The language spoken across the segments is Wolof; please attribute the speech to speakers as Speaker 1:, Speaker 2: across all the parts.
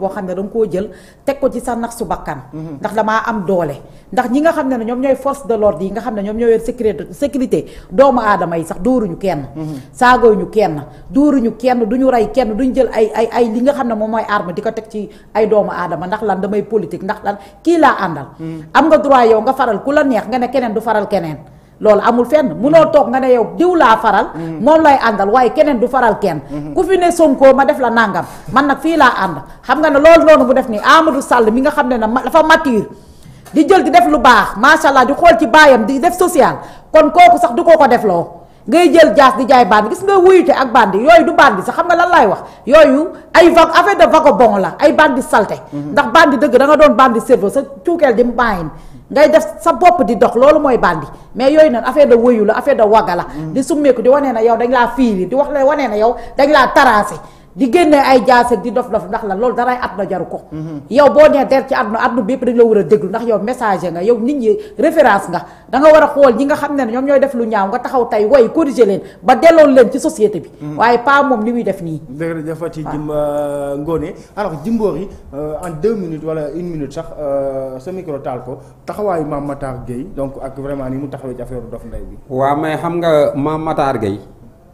Speaker 1: boo xam ne da nga koo jël teg ko ci sa nax su bakkan ndax damaa am doole ndax ñi nga xam ne ne ñoom ñooy force de l'ordre yi nga xam ne ñoom ñooy sécurité sécurité doomu aadama yi sax dóoruñu kenn saagooñu kenn dooruñu kenn duñu rey kenn duñu jël ay ay ay li nga xam ne moom mooy arme di ko teg ci ay doomu aadama ndax lan damay politique ndax lan kii laa àndal mm. am nga droit yow nga faral ku la neex nga ne keneen du faral keneen loolu amul fenn munoo toog nga ne yow diw laa faral mm. moom lay àndal waaye keneen du faral kenn mm-hmm. ku fi ne Sonko ma def la nàngam man nag fii laa ànd xam nga ne loolu noonu bu def nii Amadou Sall mi nga xam ne ne dafa mature di jël di def lu baax macha allah di xool ci baayam di def social kon kooku sax du ko ko def loo ngay jël jaas di jaay bandi gis nga wuyute ak bandi yooyu du bandi sax xam nga lan laay wax yooyu ay va affaire de vagabond la ay bandi salte mm-hmm. ndax bandi dëgg da doon bandi cerveau sa cuukeel di mbaayin ngay def sa bopp di dox loolu mooy bandi mais yooyu nag affaire da wëyu la affaire da wagga la mm. di summeeku di wanee na yow dañ laa fiiri di wax la wanee na yow dañ laa taraase di génne ay jaase di dof dof ndax la loolu daray na jaru ko mhm. yow boo nee der ci àdduna àdduna bépp dañ la war a déglu ndax yow messager nga yow nit ñi référence nga da war a xool ñi nga xam ne ñoom ñooy def lu ñaaw nga taxaw tey woy corriger leen ba delloon leen
Speaker 2: ci société bi mhm. waaye pas moom li muy def nii dëgg la dafa ci jimba ngóone yi euh, en deux minutes wala une sax euh, sa micro taal ko taxawaayu Mame Matar Gueye donc ak vraiment ni mu taxawee ci affaire dof ndey bi
Speaker 3: waaw xam nga Mame Matar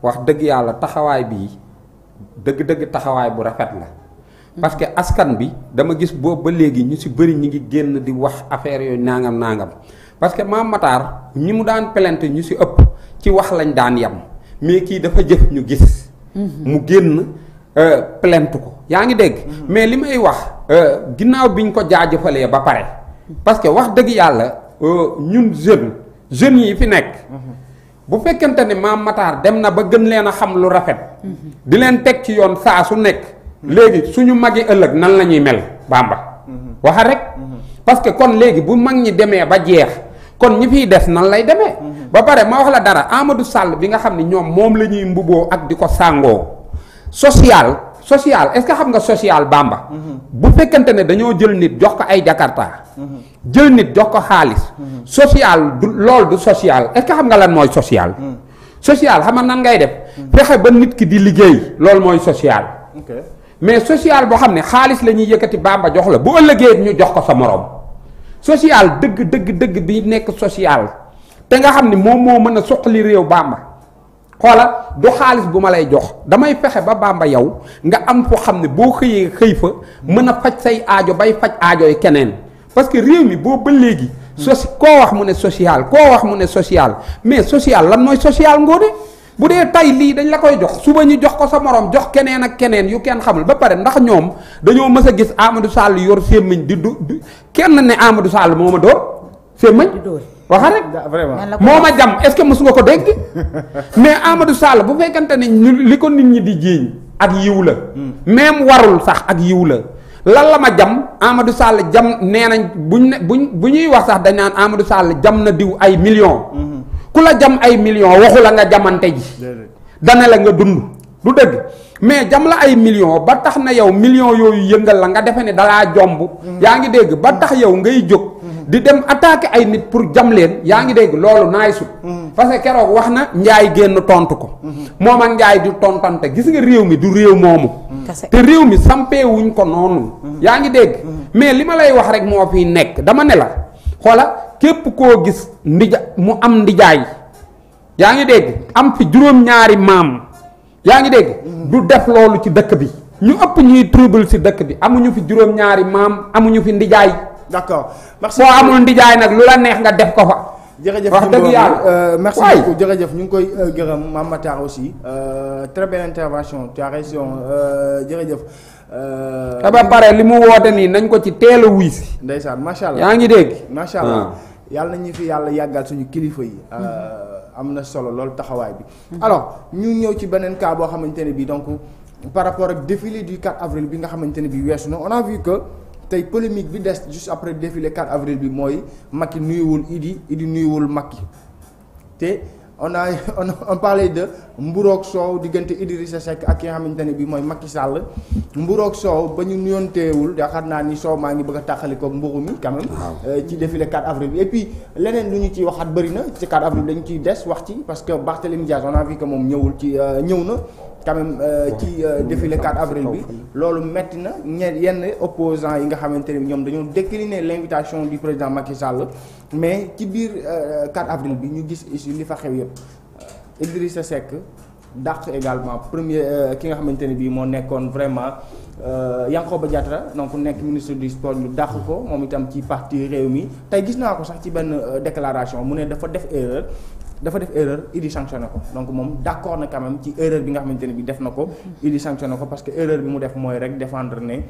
Speaker 3: wax dëgg yàlla taxawaay bii dëgg-dëgg taxawaay bu rafet la parce que askan bi dama gis boobu ba léegi ñu si bëri ñu ngi génn di wax affaire yooyu nangam nangam parce que Mame ñi mu daan plainte ñu si ëpp ci wax lañ daan yem mais kii dafa jëf ñu gis mhm. mu génn euh, plainte ko yaa ngi dégg mhm. mais li may wax euh, ginnaaw biñ ko jaajëfalee ba pare parce que wax dëgg yàlla euh, ñun jeune jeunes yi fi nekk mhm. bu fekkente ni maam Matar dem na ba gën leen a xam lu rafet. Mhm. di leen teg ci yoon saa su nekk. léegi suñu magi ëllëg nan la ñuy mel Bàmba. Mhm. waxa rek. Mhm. parce que kon léegi bu mag ñi demee ba jeex kon ñi fiy des nan lay demee. ba pare ma wax la dara Amadou sàll bi nga xam ni ñoom moom la ñuy mbuboo ak di ko sàngoo social. social est-ce que xam nga sociale Bàmba. bu fekkente ne dañoo jël nit jox ko ay Jakarta. jël nit jox ko xaalis. Mm-hmm. social du loolu du social est-ce xam nga lan mooy social. Mm. social xam nan ngay def. Mm. fexe ba nit ki di liggéey loolu mooy social. mais social boo xam ne xaalis lañuy yëkkati bàmba jox la bu ëllëgee ñu jox ko sa moroom. social dëgg dëgg dëgg bi nekk social te nga xam ne moom moo mën a soqali réew bàmba xoola du xaalis bu ma lay jox damay fexe ba bàmba yow nga am foo xam ne boo xëyee xëy fa mën a faj say aajo bay faj aajo yi keneen. parce que réew mi boobu ba léegi. soci koo wax mu ne social koo wax mu ne social mais social lan mooy social ngóode bu dee tay lii dañ la koy jox suba ñu jox ko sa moroom jox keneen ak keneen yu kenn xamul ba pare ndax ñoom dañoo mës a gis Amadou Sall yor sémmiñ di du kenn ne Amadou Sall moo ma dóor sémmiñ waxa rek moo ma jam est-ce que mës nga ko dégg mais Amadou Sall bu fekkante ne ñu li ko nit ñi di jiiñ ak yiw la hmm. même warul sax ak yiw la lan la ma jam Amadou Sall jam nee nañ buñ ne buñ bu ñuy wax sax dañ naan Amadou Sall jam na diw ay million mhm. ku la jam ay millions waxu la nga jamante ji. dana la nga dund du dëgg. mais jam ay millions ba tax na yow millions yooyu yëngal la nga defe ne dalaa jomb. Mhm. yaa ngi dégg ba tax yow ngay jóg. Mhm. di dem attaquer ay nit pour jam leen yaa ngi dégg loolu naay sut parce que keroog wax na njaay génn tontu ko. moom ak njaay du tontante gis nga réew mi du réew moomu. te réew mi sampewuñ ko noonu. Mm-hmm. yaa ngi dégg. Mm-hmm. mais li ma lay wax rek moo fi nekk dama ne la xoola képp koo gis ndija mu am ndijaay yaa ngi dégg am fi juróom-ñaari maam yaa ngi dégg. Mm-hmm. du def loolu ci dëkk bi. ñu ëpp ñuy trouble ci dëkk bi amuñu fi juróom-ñaari maam amuñu fi ndijaay. d'accord merci boo amul ndijaay nag lu la neex nga def ko fa.
Speaker 2: jërëjëf wax dëgg yàlla euh, merci beaucoup jërëjëf ñu ngi koy euh, gërëm Mame Matar aussi euh, très belle intervention tu as raison jërëjëf. te ba pare li mu woote
Speaker 3: nii nañ ko ci teel a si.
Speaker 2: ndeysaan macha allah yaa ngi dégg. macha allah ah. yàlla na ñu fi yàlla yàggal suñu kilifa yi. am na solo loolu taxawaay bi. alors ñu ñëw ci beneen cas boo xamante ne bii donc par rapport ak défilé du 4 avril bi nga xamante ne bii weesu na on a vu que. tey polémique bi des juste après défilé 4 avril bi mooy Macky nuyuwul Idi Idi nuyuwul Macky te on a on a on parlait de mburoog soow diggante Idrissa Seck ak ki nga xamante ne bii mooy Macky Sall mburoog soow ba ñu nuyonteewul yaakaar naa ni soow maa ngi bëgg a tàqalikoog mburu mi quand euh, ci défilé 4 avril bi et leneen lu ñu ciy waxaat bëri na ci 4 avril dañu ciy des wax ci parce que Barthélémy Diaz on a vu que moom ñëwul ci euh, ñëw na quand même euh, ci euh, défilé 4 avril bi loolu metti na ñe yenn opposants yi nga xamante ne ñoom dañoo décliner l'invitation du président Macky Sall mais ci biir 4 euh, avril bi ñu gis ici li fa xew yëpp Idrissa Seck dàq également premier ki nga xamante ne bii moo nekkoon vraiment Yankhoba Diattara donc nekk ministre du sport ñu dàq ko moom itam ci parti réew mi tey gis naa ko sax ci benn déclaration mu ne dafa def erreur dafa def erreur idi sanctionné ko donc moom d' accord na quand même ci erreur bi nga xamante ne bi def na ko idi na ko parce que erreur bi mu def mooy rek défendre ne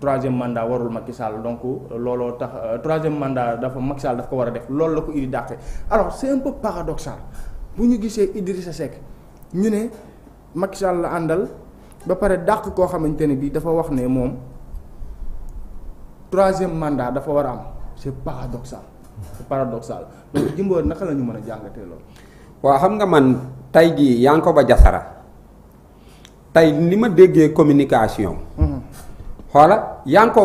Speaker 2: troisième mandat warul Macky Sall donc looloo tax euh, troisième mandat dafa Macky Sall daf ko war a def loolu la ko idi dàqe alors seen est un peu paradoxal bu ñu gisee Idrissa Seck ñu ne Macky Sall la àndal ba pare dàq koo xamante ne bi dafa wax ne moom troisième mandat dafa war a am c' est paradoxal c' par paradoxal donc Jimbori naka la ñu mën a jàngatee loolu
Speaker 3: waa xam nga man tey jii ba Diattara tey li ma déggee communication. Mhm. xoola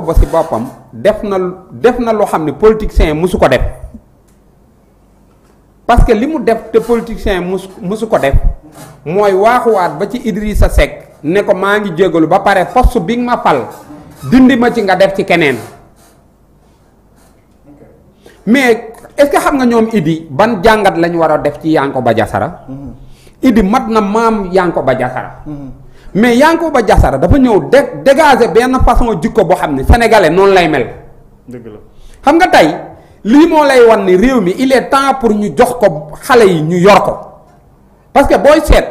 Speaker 3: ba si boppam def na def na loo xam ne politicien musu ko def parce que li mu def te politicien musu musu ko def mooy waaxuwaat ba ci sa Seck ne ko maa ngi jégalu ba pare poste bi nga ma fal dindi ma ci nga def ci keneen mais. est xam nga ñoom Idi ban jàngat lañ war a def ci Yankoba Diassara mm-hmm. Idi mat na maam ba Diassara mm-hmm. mais ba Diassara dafa ñëw dé dégager benn façon jikko boo xam ne sénégalais noonu lay mel. xam nga tey lii moo lay wan ni réew mi il est temps pour ñu jox ko xale yi ñu yor ko parce que booy seet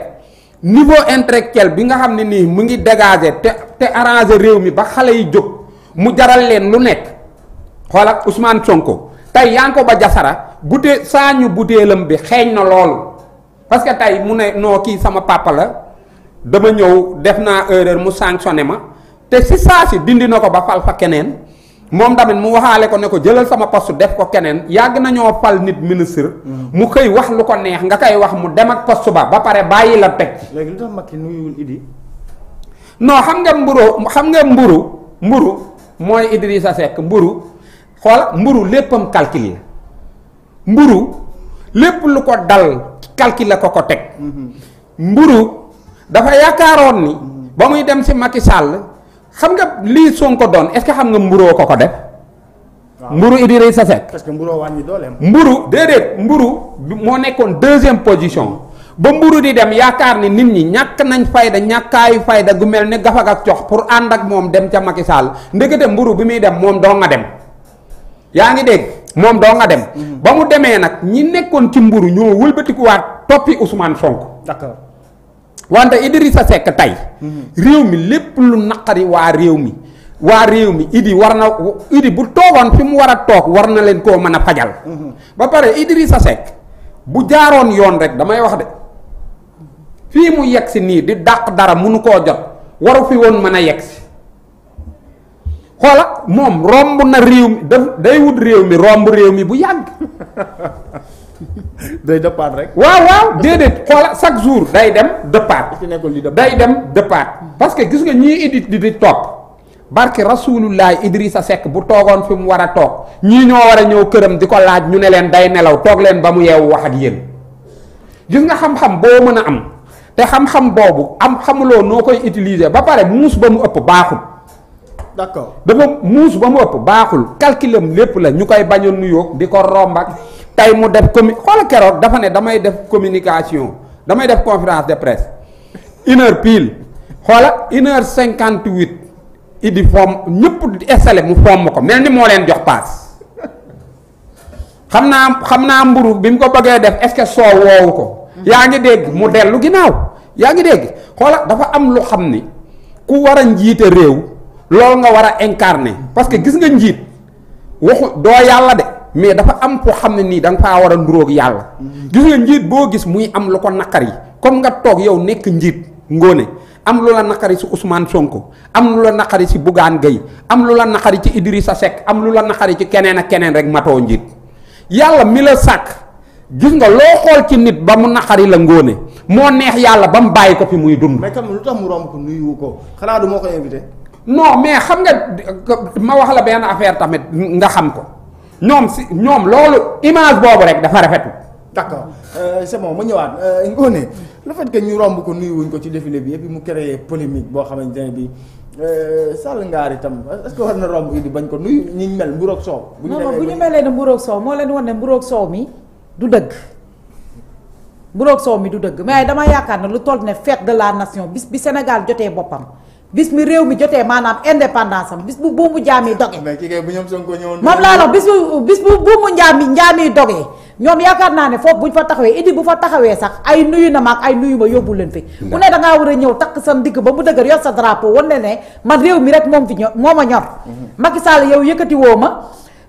Speaker 3: niveau intellectuel bi nga xam ne nii mu ngi dégager te te arranger réew mi ba xale yi jóg mu jaral leen lu nekk xoolal Ousmane Sonko. tey Yankoba Diassara butee saañu butéelam bi xeeñ na loolu parce que tey mu ne noo kii sama papa la dama ñëw def naa erreur mu sanctionné ma te si saa si dindi na ko ba fal fa keneen moom tamit mu waxaale ko ne ko jëlal sama poste def ko keneen yàgg nañoo fal nit ministre. mu xëy wax lu ko neex nga koy wax mu dem ak poste ba ba pare bàyyi la teg. léegi lu tax Macky xam nga mburu xam nga mburu mburu mooy Idrissa Seck mburu xoola mburu léppam calcul la mburu lépp lu ko dal calcul la ko ko teg mm-hmm. mburu dafa yaakaaroon ni ba muy dem si Macky sàll xam nga lii Sonko doon est-ce que xam nga mburoo ko ko def mburu Idrissa Seck
Speaker 2: parce que mburoo wàññi dooleem
Speaker 3: mburu déedéet mburu moo nekkoon deuxième position mm-hmm. ba mburu di dem yaakaar ni nit ñi ñàkk nañ fayda ñàkkaayu fayda gu mel ne gafag ak cox pour ànd ak moom dem ca Macky Sall ndekete mburu bi muy dem moom doo nga dem yaa ngi dégg moom doo nga dem. Mhm. ba mu demee nag ñi nekkoon ci mburu ñoo wëlbatikuwaat toppi Ousmane Sonko. d'accord wante sa Seck tey. Mhm. réew mi lépp lu naqari waa réew mi. waa réew mi Idi war na Idi bu toogoon fi mu war a toog war na leen koo mën a fajal. Mhm. ba pare sa Seck bu jaaroon yoon rek damay wax de fii mu yegg si nii di dàq dara mënu koo jot waru fi woon mën a yegg si xoola moom romb na réew mi daf day wut réew mi romb réew mi bu yàgg. day dëppaat rek. waaw waaw déedéet xoola chaque jour day dem dëppaat. day dem dëppaat. parce que gis nga ñii idit di di topp. barke rasulullah Idrissa Seck bu toogoon fi mu war a toog ñii ñoo war a ñëw këram di ko laaj ñu ne leen day nelaw toog leen ba mu yeewu wax ak yéen gis nga xam-xam boo mën a am te xam-xam boobu am xamuloo noo koy utiliser ba pare muus ba mu ëpp baaxul. d'accord dafa muus ba mu ëpp baaxul calculam lépp la ñu koy bañ a nuyoo di ko rombak tey mu def commu xoola keroog dafa ne damay def communication damay def conférence de presse une heure pile xoola une heure cinquante huit idi fomm ñëpp di installé mu fomm ko mel ni moo leen jox paas xam naa xam naa mburu bi mu ko bëggee def est-ce que soow woowu ko yaa ngi dégg mu dellu ginnaaw yaa ngi dégg xoola dafa am lu xam ni ku war a njiite réew loolu nga war a incarner parce que gis nga njiit waxu doo yàlla de mais dafa am foo xam ne nii da nga faa war a nduróog yàlla gis nga njiit boo gis muy am lu ko naqari comme nga toog yow nekk njiit ngóone am lu la naqari si Ousmane Sonko am lu la naqari si Bougane Gueye am lu la naqari ci sa Seck am lu la naqari ci keneen ak keneen rek mato njiit yàlla mi la sàkk gis nga loo xool ci nit ba mu naqari la ngóone moo neex yàlla ba mu bàyyi ko fi muy dund. mais tam lu ko nuyu ko ko invité. non mais xam nga ma wax la benn affaire tamit nga xam ko ñoom si ñoom loolu image boobu rek dafa rafetu d'accord
Speaker 2: euh, c'est bon ma ñëwaat euh, Ngoné le fait ñu romb ko nuyuwuñ ko ci défilé bi yëpp mu créé polémique boo xamante ne bi euh, Sall ngaar itam est-ce que war na romb idi bañ ko nuyu ñi mel mburoog soow bu ñu
Speaker 1: melee ne mburoog soow moo leen wan ne mburoog soow mi du dëgg mburoog soow mi du dëgg mais dama yaakaar na lu toll ne fête de la nation bis bi Sénégal jotee boppam bis mi réew mi jotee maanaam indépendance am bis bu buumu njaam yi doge. mais
Speaker 2: ki kay bu ñoom Sonko ñëwoon. moom laa wax
Speaker 1: bis bu bis bu buumu njaam yi njaam yi doge ñoom yaakaar naa ne foofu buñ fa taxawee idi bu fa taxawee sax ay nuyu na ma ak ay nuyu ma yóbbu leen fi. mu ne da war a ñëw takk sa ndigg ba mu dëgër yor sa drapeau wan ne ne man réew mi rek moom fi ñor moo ma ñor. Mhm. Macky Sall yow yëkkati woo ma.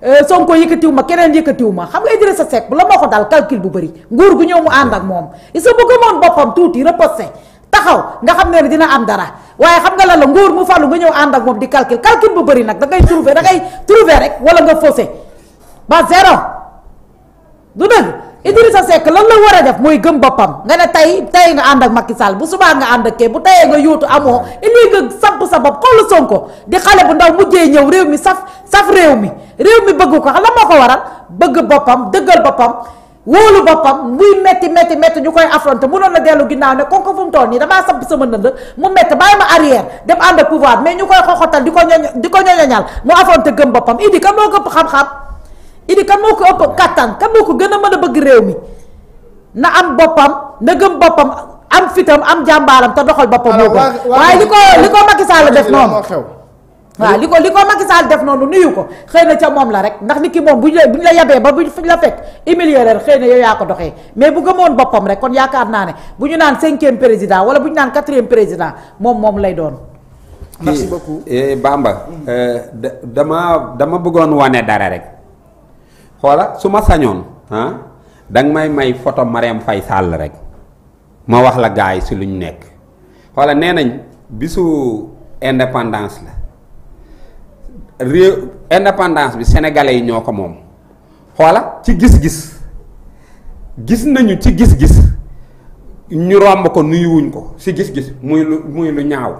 Speaker 1: Euh, Sonko yëkkatiw ma keneen yëkkatiw ma xam nga sa Seck bu la moo ko dal calcul bu bëri nguur gu ñëw mu ànd ak moom il sa bu gëmoon boppam tuuti reposé taxaw nga xam ne dina am dara waaye xam nga lan la nguur mu fàllu nga ñëw ànd ak moom di calcul calcul bu bari nag da ngay trouver da ngay trouver rek wala nga faussé ba zéro du dëgg Idrissa sekk lan la war a def mooy gëm boppam nga ne tey tey nga ànd ak Macky Sall bu subaa nga ànd ak kee bu teyee nga yóotu amoo ili nga samp sa bopp xool Sonko di xale bu ndaw mujjee ñëw réew mi saf saf réew mi réew mi bëgg ko la moo ko waral bëgg boppam dëggal boppam wóolu boppam muy metti metti metti ñu koy affronté mënoon na dellu ginnaaw ne kon ko fu mu toll nii damaa samp sama nënd mu metti bàyyi ma arrière dem ànd ak pouvoir mais ñu koy xoxotal di ko di ko ñoñoñal mu affronté gëm boppam idi kan moo ko ëpp xam-xam idi kan moo ko ëpp kattan kan moo ko gën a man a bëgg réew mi na am boppam na gëm boppam am fitam am jàmbaaram te doxal boppam. moo ko waaye li ko li ko Macky Sall def noonu. waaw li ko li ko Macky Sall def noonu nuyu ko xëy na ca moom la rek ndax nit ki moom buñ la buñ la yabee ba buñ la fekk humilier leen xëy na yow yaa ko doxee mais bu gëmoon boppam rek kon yaakaar ne bu ñu naan cinquième président wala bu naan quatrième président moom moom lay doon.
Speaker 3: merci eh, beaucoup eh, Bamba. Mm. Euh, dama dama bëggoon wane dara rek xoola su ma sañoon ah, danga may may photo Marème fay Sall rek ma wax la gaay si lu ñu nekk xoola nee nañ bisu indépendance la. réew indépendance bi sénégalais yi ñoo ko moom xoola ci gis-gis gis nañu ci gis-gis ñu romb ko nuyuwuñ ko si gis-gis muy lu muy lu ñaaw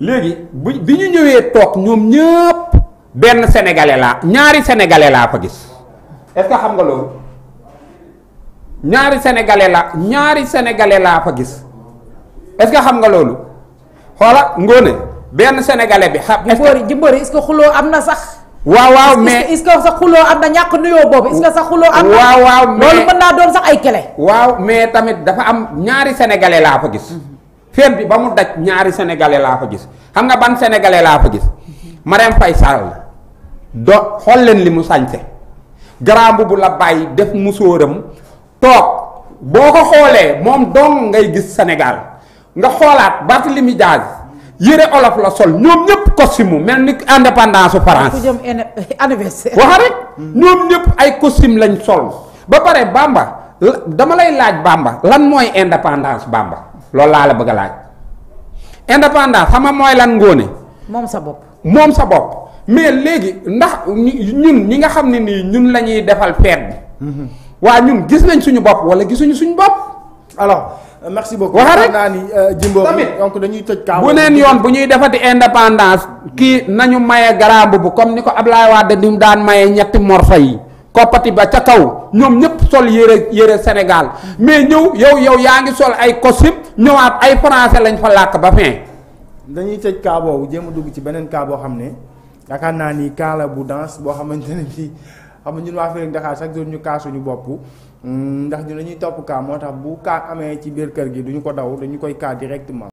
Speaker 3: léegi bu bi ñu ñëwee toog ñoom ñëpp benn sénégalais laa ñaari sénégalais laa fa gis est-ce xam nga loolu ñaari sénégalais laa ñaari sénégalais laa fa gis est xam nga loolu xoola ngóone benn sénégalais bi xam. Jimbori Jimbori est-ce que xuloo am na sax. waaw waaw mais est-ce sax xuloo am na ñàkk nuyoo boobu est sax xuloo am na waaw waaw mais loolu mën naa doon sax ay kele. waaw mais tamit dafa am ñaari sénégalais laa fa gis. fen bi ba mu daj ñaari sénégalais laa fa gis xam nga ban sénégalais laa fa gis. Marème Faye Sall do xool leen li mu sañse garambu bu la bàyyi def musóoram toog boo ko xoolee moom dong ngay gis senegal nga xoolaat Barthélémy Dias. yére olof la sol ñoom ñëpp costume mel ni indépendance su France. ku
Speaker 1: jëm anniversaire. wax
Speaker 3: ñoom ñëpp ay costume lañ sol ba pare Bamba dama lay laaj bàmba lan mooy indépendance Bamba loolu laa la bëgg a laaj indépendance xam mooy lan ngóone. moom sa bopp moom sa bopp mais léegi ndax ñun ñi nga xam ne nii ñun la ñuy defal feet bi. Mhm. waa ñun gis nañ suñu bopp wala gisuñu suñu bopp Euh, merci beaucoup waxa rek naa ni euh, Jimbo
Speaker 2: donc dañuy tëj kaw bu neen yoon
Speaker 3: bu ñuy di indépendance kii nañu maye garaam bu comme ni ko Ablaye Wade ni mu daan maye ñetti morso yi koppati ba ca kaw ñoom ñëpp sol yére yére Sénégal mais ñëw yow yow yaa ngi sol ay costume ñëwaat ay français lañ fa làkk ba fin.
Speaker 2: dañuy tëj kaaboo bu jéem a dugg ci beneen kaa boo xam ne yaakaar naa ni kaa bu danse boo xamante ne bii xam nga ñun waa Feeling Dakar chaque jour ñu kaasuñu bopp. Mm, ndax dinañuy topp kaa moo tax bu kaa amee ci biir kër gi duñu ko daw dañu koy kaa directement.